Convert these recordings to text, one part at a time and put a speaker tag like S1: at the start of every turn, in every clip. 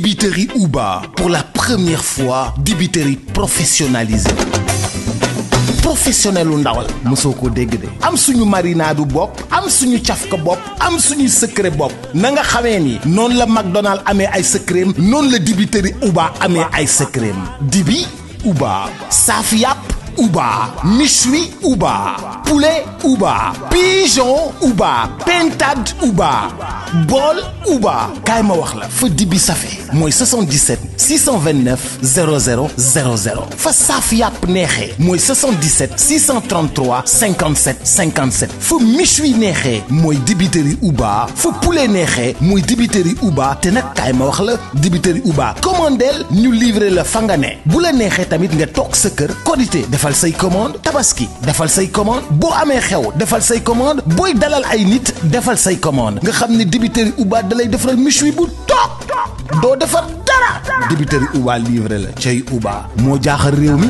S1: débiterie Uba pour la première fois débiterie professionnalisée professionnel lu ndaw mosoo ko dégg de am suñu marinaadu bopp am suñu cafka bopp am suñu secret bopp na nga xamee nii noonu la McDonald amee ay secret noonu la dibiteri Uba amee ay secret dibi Uba saaf yàpp Ouba, méchoui Ouba, poulet Ouba, pigeon Ouba, pintade Ouba, bool Ouba. kaay ma wax la fa dibi safee mooy 77 629 00 00 fa saaf yàpp neexee mooy 77 633 57 57 fa méchoui neexee mooy dibiteri Ouba fa poulet neexee mooy dibiteri Ouba te nag kaay ma wax la dibiteri Ouba commandeel ñu livré la fa nga ne bu la neexee tamit nga toog sa kër qualité defal say commande tabaski defal say commande boo amee xew defal say commande booy dalal ay nit defal say commande nga xam ne débiteri Uba dalay defaral méchoui bu toog doo defar dara débiteri Uba livré la cay Uba moo jaaxal réew mi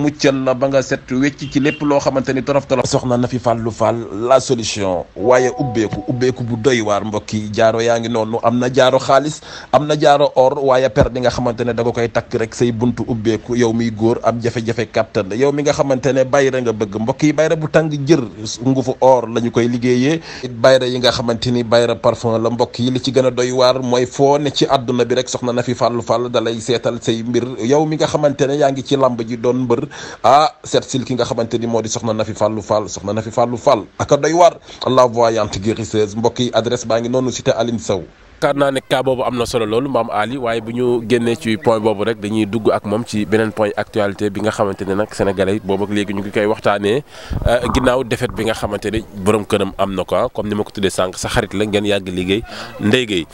S1: muccal la ba nga set wecc ci lépp loo xamante ni torof torof soxna na fi fàllu faal la solution waaye ubbeeku ubbeeku bu doy waar mbokk yi jaaro yaa ngi noonu am na jaaro xaalis am na jaaro or waaye per di nga xamante ne da nga koy takk rek say buntu ubbeeku yow miy góor am jafe-jafe kàttan yow mi nga xamante ne bayra nga bëgg mbokk yi bayra bu tàng jër ngufu or la ñu koy liggéeyee it bayra yi nga xamante ni bayra parfum la mbokk yi li ci gën a doy waar mooy foo ne ci àdduna bi rek soxna na fi fàllu faal dalay seetal say mbir yow mi nga xamante ne yaa ngi ci làmb ji doon mbër ah seet sil ki nga xamante ni moo di soxna Nafi Fallou Fall soxna Nafi Fallou Fall aka doy waar la voyante guérisseuse mbokk yi adresse baa ngi noonu cité Aline Sow yaakaar naa ne cas boobu am na solo loolu maam Ali waaye bu ñu génnee ci point boobu rek dañuy dugg ak moom ci beneen point actualité bi nga xamante ne nag sénégalais boobu ak léegi ñu ngi koy waxtaanee euh, ginnaaw défaite bi nga xamante ni borom këram am na ko comme ni ma ko tuddee sànq sa xarit la ngeen yàgg liggéey ndéygéey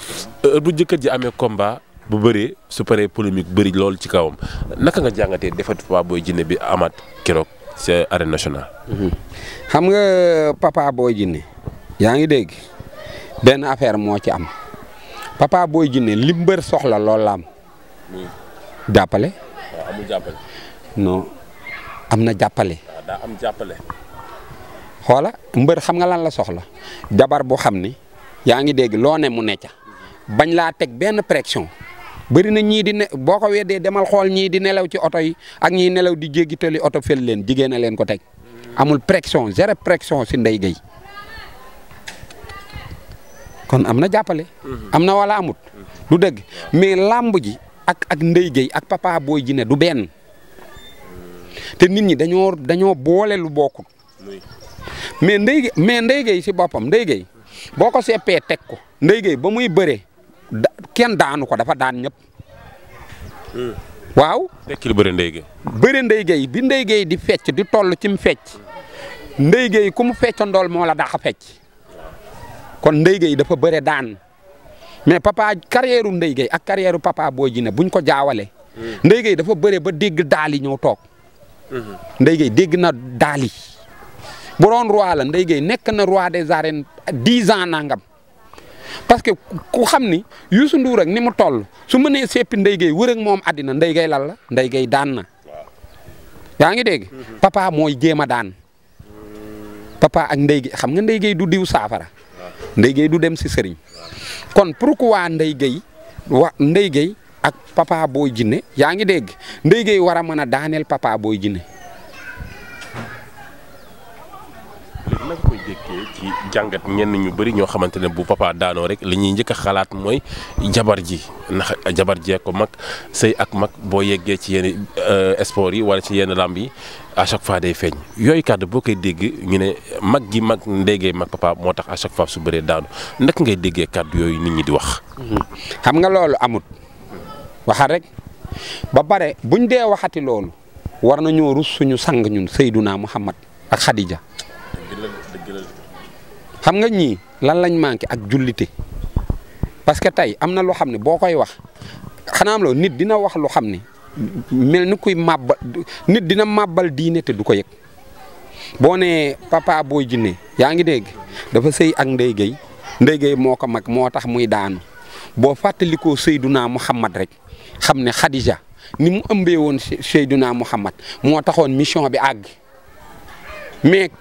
S1: euh, bu jëkkër ji amee combat bu bëree su paree polémique bëri loolu ci kawam naka nga jàngatee defat Papa booy Djiné bi amaat keroog ci arène mhm.
S2: xam nga Papa booy Djiné yaa ngi dégg benn affaire moo ci am Papa booy Djiné li mbër soxla loolu la am. jàppale. waaw amul jàppale. am na jàppale.
S1: Ah, am jàppale.
S2: xoola mbër xam nga lan la soxla jabar boo xam ni yaa ngi dégg loo ne mu necca bañ laa teg benn pression bëri na ñii di boo ko weddee demal xool ñii di nelaw ci oto yi ak ñii nelaw di jéggi oto fel leen jigéen leen ko teg amul pression zéro pression si Ndeye Gueye kon am na jàppale. Mhm. am na wala amut. du dëgg mais làmb ji ak ak Ndeye Gueye ak papa booy ji ne du benn te nit ñi dañoo dañoo boole lu bokkut mais Ndeye Gueye si boppam Ndeye Gueye boo ko seppee teg ko Ndeye Gueye ba muy bëree. kenn daanu ko dafa daan ñëpp. waaw.
S1: tekkil bëre Ndeye Gueye.
S2: bëre bi Ndeye Gueye di fecc di toll ci mu fecc Ndeye Gueye ku mu fecc ndool moo la dàq fecc kon Ndeye Gueye dafa bëre daan mais papa carrière u Ndeye Gueye ak carrière papa Boy Djiné buñ ko jaawale Ndeye Gueye dafa bëre ba dégg daal ñëw toog. Ndeye Gueye dégg na daal yi bu doon roi nekk na roi des arènes dix ans nangam. parce que ku xam ni Youssou Ndour ak ni mu toll su mënee seppi Ndeye Gueye wër ak moom àddina Ndeye Gueye lan la Ndeye daan na. yaa ngi dégg mm-hmm. papa mooy jéem a daan papa ak Ndeye xam nga Ndeye du diw saafara Ndeye du dem si sëriñ kon pourquoi ku Gueye wa Ndeye ak papa booy jinne yaa ngi dégg Ndeye Gueye war a mën a daaneel papa booy jinne
S1: jàngat ñenn ñu bari ñoo xamante ne bu papa daanoo rek li ñuy njëkk a xalaat mooy jabar ji ndax jabar jee ko mag sëy ak mag boo yeggee ci yenn euh, sport yi wala ci yenn làmb yi à chaque fois day feeñ yooyu kàdd boo koy dégg ñu ne mag gi mag ndéegee mag papa moo tax à chaque fois su baree daanu nak ngay déggee kàddu yooyu nit ñi di wax. Hmm. xam nga loolu amut waxaat rek
S2: ba pare buñ dee waxati loolu war nañoo rus suñu sang ñun Seydouna Muhammad ak Khadija. xam nga ñii lan lañ manqué ak jullite parce que tey am na loo xam ne boo koy wax xanaam loo nit dina wax lu xam ne mel ni kuy màbba nit dina màbbal diine te du ko yëg boo nee papa booy jinne yaa ngi dégg dafa sey ak ndey gay ndey gay moo ko mag moo tax muy daanu boo fàttalikoo Seydunaa Muhammad rek xam ne Khadija ni mu ëmbee woon Seydunaa Muhammad moo taxoon mission bi ak mais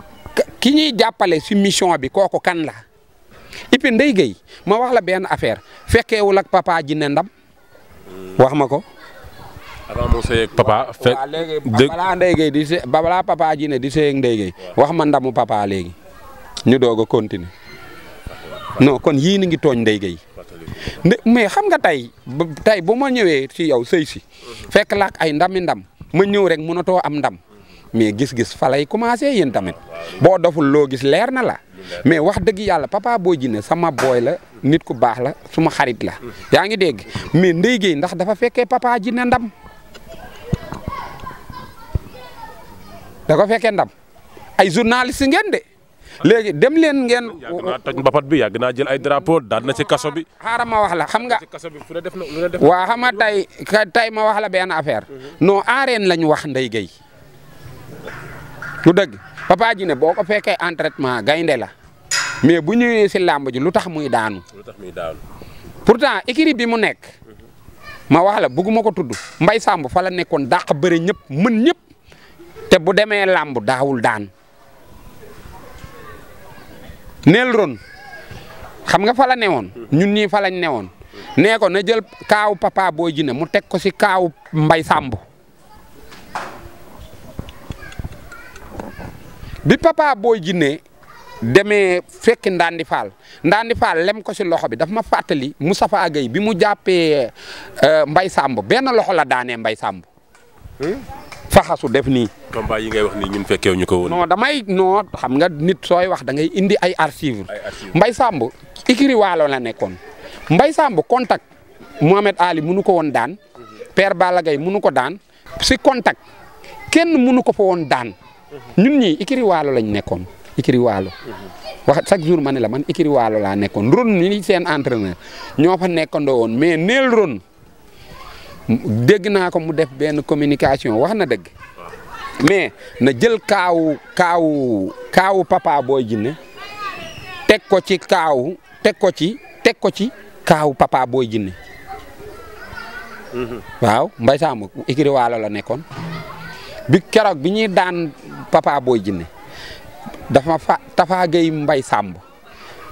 S2: ki ñuy jàppale si mission bi kooku kan la et puis ma wax la benn affaire fekkeewul ak papa ji ndam wax ma ko.
S1: avant moo papa. fekk
S2: di se balaa papa ji di sëy ak wax ma ndamu papa léegi ñu doog a continuer non kon yii ni ngi tooñ Ndeye mais xam nga tey tey bu ma ñëwee si yow sëy si mm-hmm. fekk laak ay ndami ndam ma ñëw rek mënatoo am ndam. mais gis-gis falay lay commencé yéen tamit boo doful loo gis leer na la mais wax dëgg yàlla papa boo jinne sama booy la nit ku baax la suma xarit la yaa ngi dégg mais ndey géey ndax dafa fekkee papa jinne ndam da ko fekkee ndam
S1: ay journaliste ngeen de léegi dem leen ngeen. yàgg naa bi yàgg naa jël ay drapeau daal na ci kaso bi.
S2: xaaral ma wax la xam nga. waaw xam nga tey tey ma wax la benn affaire non arène lañ wax Ndeye Gueye lu dëgg Papa Djiné boo ko fekkee entraînement gaynde la mais bu ñëwee si làmb ji lu tax muy daanu. lu tax muy bi mu nekk. ma wax la bëgguma ko tudd mbay Samb fala la nekkoon dàq bëre ñëpp mën ñëpp te bu demee làmb daawul daan neel ron xam nga fa la newoon ñun ñii fa lañ newoon nee ko na jël kaawu Papa Boy Djiné mu teg ko si kaawu mbay Samb bi papa booy jinne demee fekki Ndandi Fall Ndandi Fall lem ko si loxo bi dafa ma fàttali safa Gueye bi mu jàppee euh, mbay Samb benn loxo la daanee mbay Samb.
S1: Hmm? faxasu def nii. combat yi ngay fekkee ñu ko woon.
S2: damay non xam nga nit sooy wax dangay indi ay archives. ay archives ikiri waalo la nekkoon Mbaye Samb contact Mohamed Ali munu ko woon daan. Mhm. Père Balla Gaye munu ko daan. si contact kenn munu ko fa woon daan. ñun ñii ikiri waalo lañ nekkoon ikiri wax chaque jour ma la man ikiri waalo laa nekkoon ron ñi seen entraîneur ñoo fa nekkandoo woon mais neel ron dégg naa ko mu def benn communication wax na dëgg mais na jël kaawu kaawu kaawu papa booy jinne teg ko ci kaawu teg ko ci teg ko ci kaawu papa booy jinne mhm. waaw mbay saamu ikiri waalo la nekkoon bi keroog bi ñuy daan papa booy jinne dafa fa Tafa Gueye mbay sàmb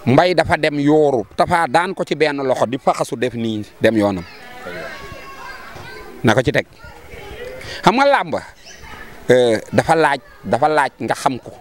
S2: mbay dafa dem yooru Tafa daan ko ci benn loxo di faxasu def nii dem yoonam na ko ci teg xam nga làmba euh, dafa laaj dafa laaj nga xam
S1: ko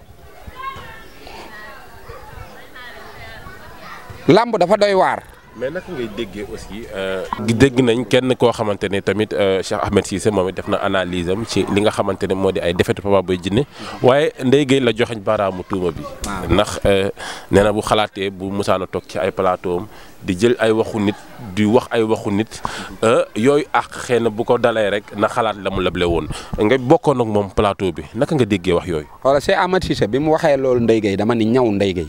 S1: làmb dafa doy waar mais naka ngay déggee aussi. Euh, dégg nañ kenn koo xamante ne tamit euh, Cheikh Ahmed Cissé moom it def na analyse am ci li nga xamante ne moo di ay defetu Papa Boy Djiné waaye Ndeye Gueye la joxeñ baaraamu tuuma bi. ndax euh, nee na bu xalaatee bu musaana toog ci ay plateau am di jël ay waxu nit di wax ay waxu nit yooyu àq xëy na bu ko dalee rek na xalaat la mu leble woon nga bokkoon ak moom plateau bi naka nga déggee wax yooyu.
S2: wala Cheikh Ahmed Cissé bi mu waxee loolu Ndeye dama ni ñaw Ndeye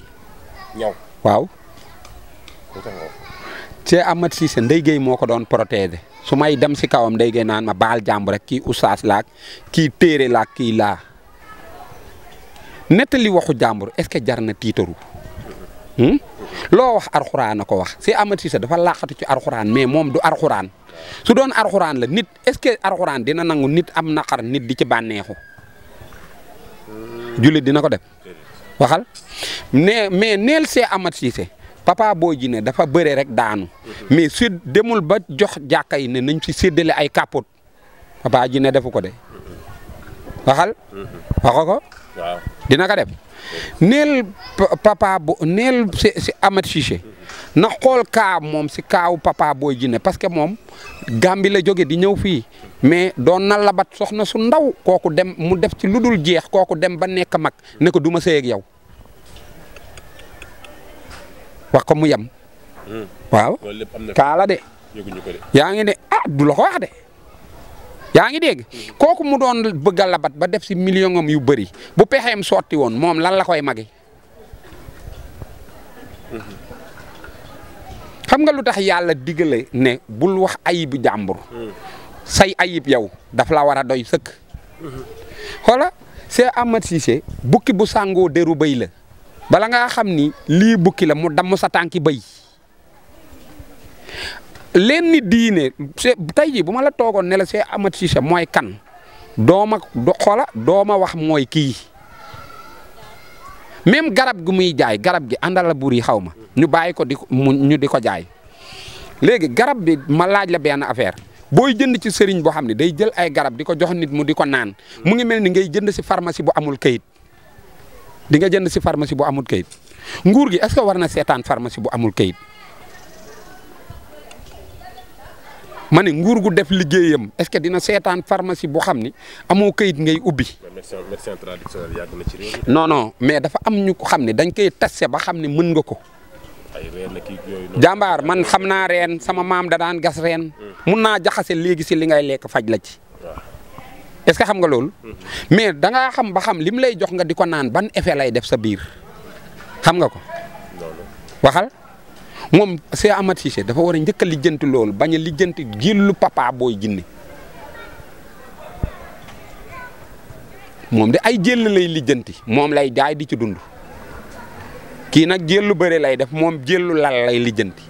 S2: Cheikh Ahmad Cissé Ndeye Gueye moo ko doon protéger su may dem si kawam Ndeye naan ma baal jàmb rek kii oustaz laak kii téere laak kii laa nettali waxu jàmbur est-ce que jar na tiitaru hmm? loo wax arxuraan a ko wax Cheikh Ahmad Cissé dafa laqatu ci arxuraan mais moom du arxuraan su doon arxuraan la nit est-ce que arxuraan dina nangu nit am naqar nit di ci bànneexu jullit dina ko def waxal mais mais neel Cheikh Ahmad Cissé Papa Boy Djiné dafa bëre rek daanu mais su demul ba jox jàkka yi ne nañ fi séddale ay capote Papa Djiné defu ko de waxal waxo dina ko def neel papa bo neel si si Amath na xool kaa moom si kaaw Papa Boy Djiné parce que moom Gàmbi la jóge di ñëw fii mais doon na labat soxna su ndaw kooku dem mu def ci lu dul jeex kooku dem ba nekk mag ne ko du ma sëy yow wax ko mu yem. Hmm. waaw kaala de. yaa ngi ne ah du la ko wax de. yaa ngi dégg hmm. kooku mu doon bëgg a labat ba def si million am yu bëri bu pexeem sotti woon moom lan la koy magi hmm. xam nga lu tax yàlla digale ne bul wax ayibu jàmbur say ayib yow daf la war a doy sëkk xoola c'est Amath Cissé bukki bu sàngoo deru bay la bala ngaa xam ni lii bukki la mu damm sa tànki bay leen ni diine tey jii bu ma la toogoon nela se see amat si mooy kan dooma do xoola dooma wax mooy kii même garab gi muy jaay garab gi àndal la yi xaw ma ñu bàyyi ko di ñu di ko jaay léegi garab bi ma laaj la benn affaire booy jënd ci sëriñ boo xam ne day jël ay garab di ko jox nit mu di ko naan mu ngi mel ni ngay jënd si pharmacie bu amul kayit di nga jënd si pharmacie bu amul kayit nguur gi est-ce war na seetaan pharmacie bu amul kayit ma ne nguur gu def liggéeyam est que dina seetaan pharmacie bu xam ni amoo kayit ngay ubbi.
S1: médecin médecin ci réew mi.
S2: non mais dafa am ñu ko xam ni dañ koy teste ba xam ne mën nga ko.
S1: ay jàmbaar
S2: man xam naa reen sama maam da daan gas reen. Hmm. mun naa jaxase léegi si li ngay lekk faj la ci. est-ce xam nga loolu. mais dangaa xam ba xam lim lay jox nga di ko naan ban effet lay def sa biir xam nga ko. waxal moom c'est Amath Cissé dafa war a njëkk lijjanti loolu bañ a lijjanti gillu papaa booy jinne moom de ay jël lay lijjanti moom lay jaay di ci dund kii nag jëllu bëre lay def moom jëllu lal lay lijjanti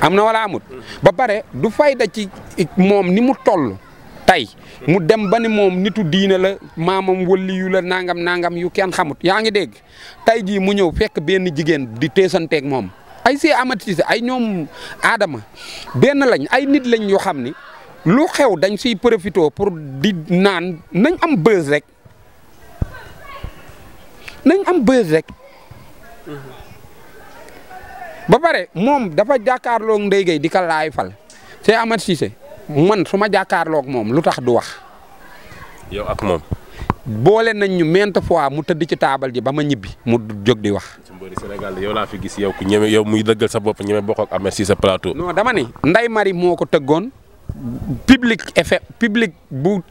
S2: am na wala amut mm. ba pare du fayda ci moom ni mu toll. tey mu dem ba ni moom nitu diina la maamam wëlliyu la nangam nangam yu kenn xamut yaa ngi dégg tey jii mu ñëw fekk benn jigéen di teesanteeg moom ay see amatise ay ñoom aadama benn lañ ay nit lañ yoo xam ni lu xew dañ si profité pour di naan nañ am bës rek nañ am bës rek ba pare moom dafa jàkkaarloo ndéygay di ka laay fal see amat Cissé man su ma jàkkaarlook moom lu tax du wax. yow ak moom. boole nañ ñu maintes fois mu tëdd ci taabal ji ba ma ñibbi mu jóg di wax. ci
S1: Sénégal yow laa fi gis yow ku ñeme yow muy dëggal sa bopp ñeme bokk ak amee si sa plateau. non dama ni Ndeye Marie moo ko tëggoon
S2: public effet public bu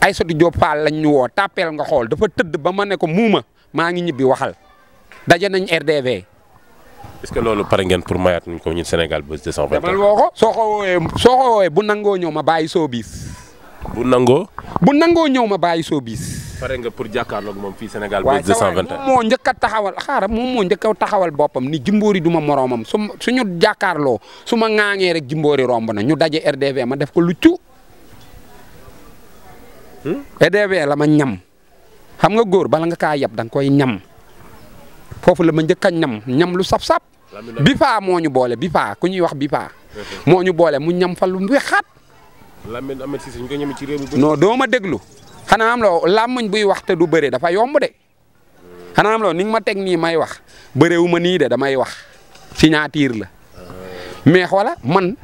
S2: ay Diop Fall lañ ñu woo
S1: tàppeel nga xool
S2: dafa tëdd ba ma ne ko muuma maa ngi ñibbi waxal daje nañ RDV.
S1: est que loolu pare ngeen pour mayaat ñu ko ñun Sénégal Buzz woo
S2: ko soo ko woowee soo ko bu nangoo ñëw ma bàyyi showbiz. bu nangoo. bu nangoo ñëw ma bàyyi showbiz.
S1: pare nga pour jàkkaarloog moom fii Sénégal Buzz 221. waaye moom moo
S2: njëkk a taxawal moom moo njëkk a taxawal boppam ni jimboori du ma moroomam su suñu jàkkaarloo su ma ŋaaŋee rek jimboori romb na ñu daje RDV ma def ko lu hmm? RDV la ma ñam xam nga góor bala nga kaa yab da nga koy ñam. foofu la ma njëkk a ñam ñam lu sap-sap bi faa moo ñu boole bi faa ku ñuy wax bi faa moo ñu boole mu ñam fa lu wexaat
S1: Lamine Ahmed Cissé ñu ko ñam ci réew mi non doo
S2: ma déglu xanaa am loo buy wax te du bëre dafa yomb de xanaa am loo ni nga ma teg nii may wax bëre ma nii de damay wax signature la mais xoola man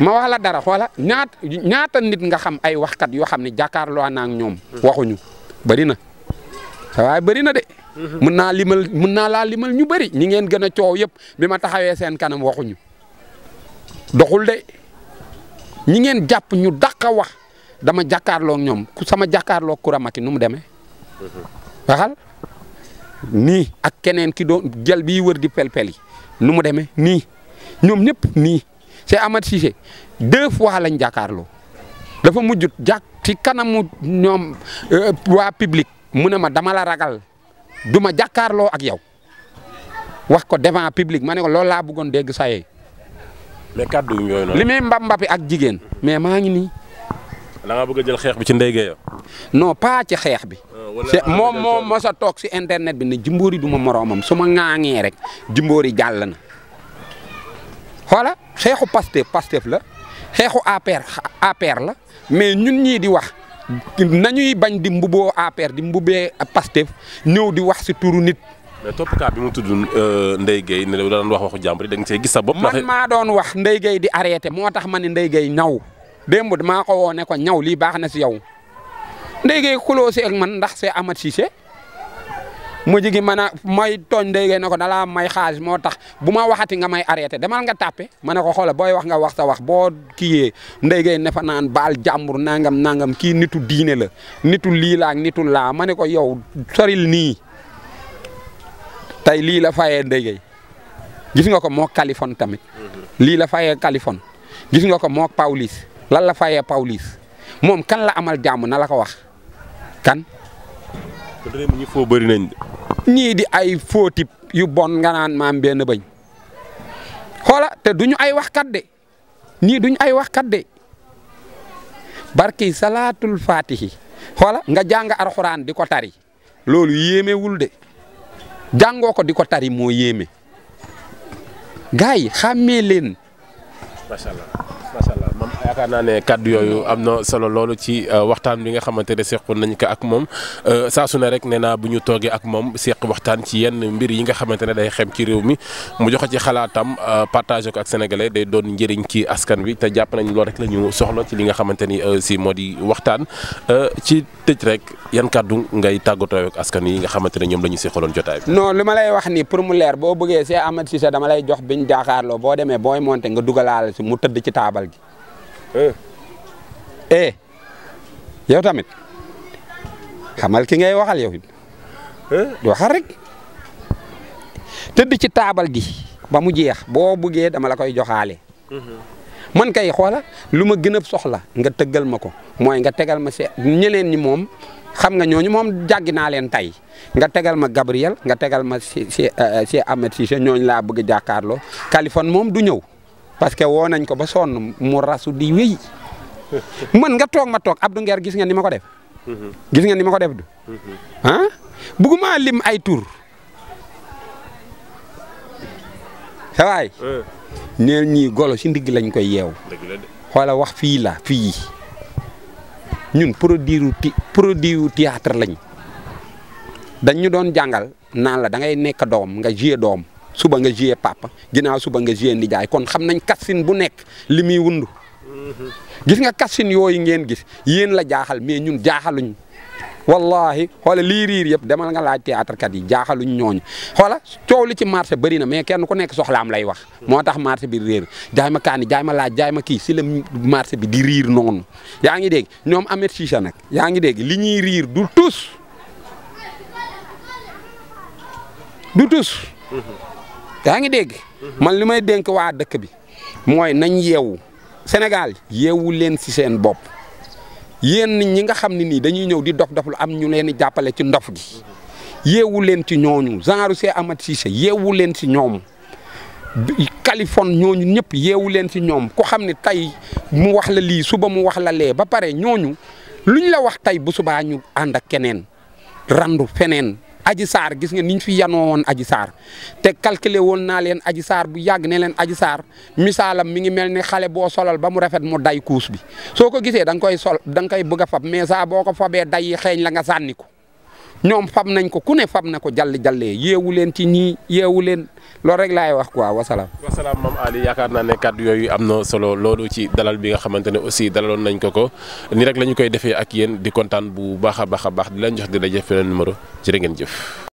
S2: ma wax la dara xoola ñaata ñaata nit nga xam ay waxkat yoo xam ne jàkkaarloo naa ak ñoom waxuñu bëri na waaye bëri de mën naa limal mën naa laa limal ñu bëri ñi ngeen gën a coow yëpp bi ma taxawee seen kanam waxuñu doxul de ñi ngeen jàpp ñu dàq a wax dama jàkkaarloog ñoom ku sama jàkkaarloog Coura Macky nu mu demee. waxal nii ak keneen ki doon jël bii wër di pelpel yi nu mu demee nii ñoom ñëpp nii c'est Amath Cissé deux fois lañ jàkkaarloo dafa mujjut jàkk ci kanamu ñoom euh, waa public mu ne ma dama la ragal. du ma jàkkaarloo ak yow wax ko devant public ma ne ko loolu laa bëggoon dégg saa yee.
S1: kàddu yooyu
S2: li muy mbap mbapi ak jigéen. mais maa ngi nii. da nga bëgg a jël xeex bi ci ndeyge yo non ci xeex bi. Ah, ah, moom moom mos a toog si internet bi ne jimboori du ma moroomam su ma ŋaaŋee rek jimboori jàll na. xoola xeexu Pastef Pastef la xeexu APR la mais ñun ñii di wax. nañuy bañ di mbuboo APR di mbubee
S1: Pastef ñëw di wax si turu nit. mais toppatoo bi mu tudd euh, Ndeye Gueye ne daan wax waxu jàmbur da nga see gisa sa bopp. man
S2: maa doon wax Ndeye Gueye di arrêté moo tax ma ne Ndeye Gueye ñaw démb maa ko woo ko ñaw lii baax na si yow Ndeye Gueye xuloo si ak man ndax c'est Amath Cissé mujj gi mën a mooy tooñ ndey na ko dalaa may xaalis moo tax bu ma waxati nga may arrêté demal nga tàppe ma ko xoola booy wax nga wax sa wax boo kiyee ndey ne fa naan baal jàmbur nangam nangam kii nitu diine la nitu lii la nitu laa ma ne ko yow soril nii tey lii la fayee ndey gis nga ko moo Kalifon tamit mm-hmm. lii la fayee Kalifon gis nga ko moo pawlis lan la fayee pawlis moom kan la amal jàmm na la ko wax kan. ñii di ay footi yu bon nga naan maam benn bañ xoola te duñu ay waxkat de ñii duñu ay waxkat de barki salaatul fatihi xoola nga jàng arxuraan di ko tari loolu yéemewul de jàngoo ko di ko tari moo yéeme gars yi xàmmee leen.
S1: macha macha allah moom yaakaar naa ne kàddu yooyu am na solo loolu ci euh, waxtaan bi nga xamante ne seqoon nañ ko ak moom euh, saa su ne rek nee naa bu ñu toogee ak moom seq waxtaan ci yenn mbir yi nga xamante ne day xem ci réew mi mu joxe ci xalaatam euh, partagé ko ak sénégalais day doon njëriñ ci askan wi te jàpp nañ loolu rek la ñu soxla ci li nga xamante ni si moo di waxtaan ci tëj rek yan kàddu ngay tàggatoo ak askan yi nga xamante ñoom la ñu seqaloon jotaay
S2: bi. non li ma lay wax ni pour mu leer boo bëggee Cheikh Ahmed Cissé dama lay jox biñ jàkkaarloo boo demee booy monté nga màggal gi. Eh. eh yow tamit xamal ki ngay waxal yow it. Eh? waxal rek tëdd ci taabal gi ba mu jeex boo buggee dama la koy joxaale. Mm-hmm. man kay xoola lu ma gën a soxla nga tëggal ma ko mooy nga tegal ma see ñeneen ñi moom xam nga ñooñu moom jàggi naa leen tey nga tegal ma Gabriel nga tegal ma si si eh, si Ahmed Cissé ñooñu laa bëgg a jàkkaarloo moom du ñëw. parce que woo nañ ko ba sonn mu rasu di wéy man nga toog ma toog Abdou Nguer gis ngeen ni ma ko def. gis nga ni ma ko def du. ah bugguma lim ay tur. sa waay. nee golo si ndigg lañ koy yeew. xoola wax fii la fii ñun produire ti produire théâtre lañ dañ ñu doon jàngal naan la da ngay nekk doom nga jouer doom. suba nga joué papa ginnaaw suba nga joué jaay kon xam nañ kassin bu nekk li muy wund gis nga kassin yooyu ngeen gis yéen la jaaxal mais ñun jaaxaluñ wallahi xoola lii riir yëpp demal nga laaj théâtre kat yi jaaxaluñ ñooñ xoola coow li ci marché bëri na mais kenn ku nekk soxlaam lay wax moo tax marché bi réer jaay jaay kii si la marché bi di riir nu yaa ngi dégg ñoom amet siisa nag yaa ngi dégg li ñuy riir du tus du tus yaa ngi dégg man li may dénk waa dëkk bi mooy nañ yeewu senegal yeewu leen si seen bopp yéen ñi nga xam ne nii dañuy ñëw di dof dof lu am ñu leen di jàppale ci ndof gi yeewu leen ci ñooñu genre see amat leen si ñoom Californie ñooñu ñëpp yeewu leen si ñoom ku xam ne tey mu wax la lii suba mu wax la lee ba pare ñooñu luñ la wax tey bu subaa ñu ànd ak keneen randu feneen aji saar gis nga niñ fi yanoo woon aji saar te calculer woon naa leen aji saar bu yàgg ne leen aji saar misaalam mi ngi mel ni xale boo solal ba mu rafet mu day kuus bi soo ko gisee da nga koy sol da nga koy bëgg a fab mais saa boo ko fabee day yi xeeñ la nga sànni ko ñoom fab nañ ko ku ne fab na ko jàll jàllee yeewu leen ci ñii yeewu leen lool rek lay wax quoi wasalaam.
S1: wasalaam maam Ali yaakaar naa ne kàddu yooyu am na solo loolu ci dalal bi nga xamante ne aussi dalaloon nañ ko ko ni rek la ñu koy defee ak yéen di kontaan bu baax a baax a baax di leen jox di daje feneen numéro jërë ngeen jëf.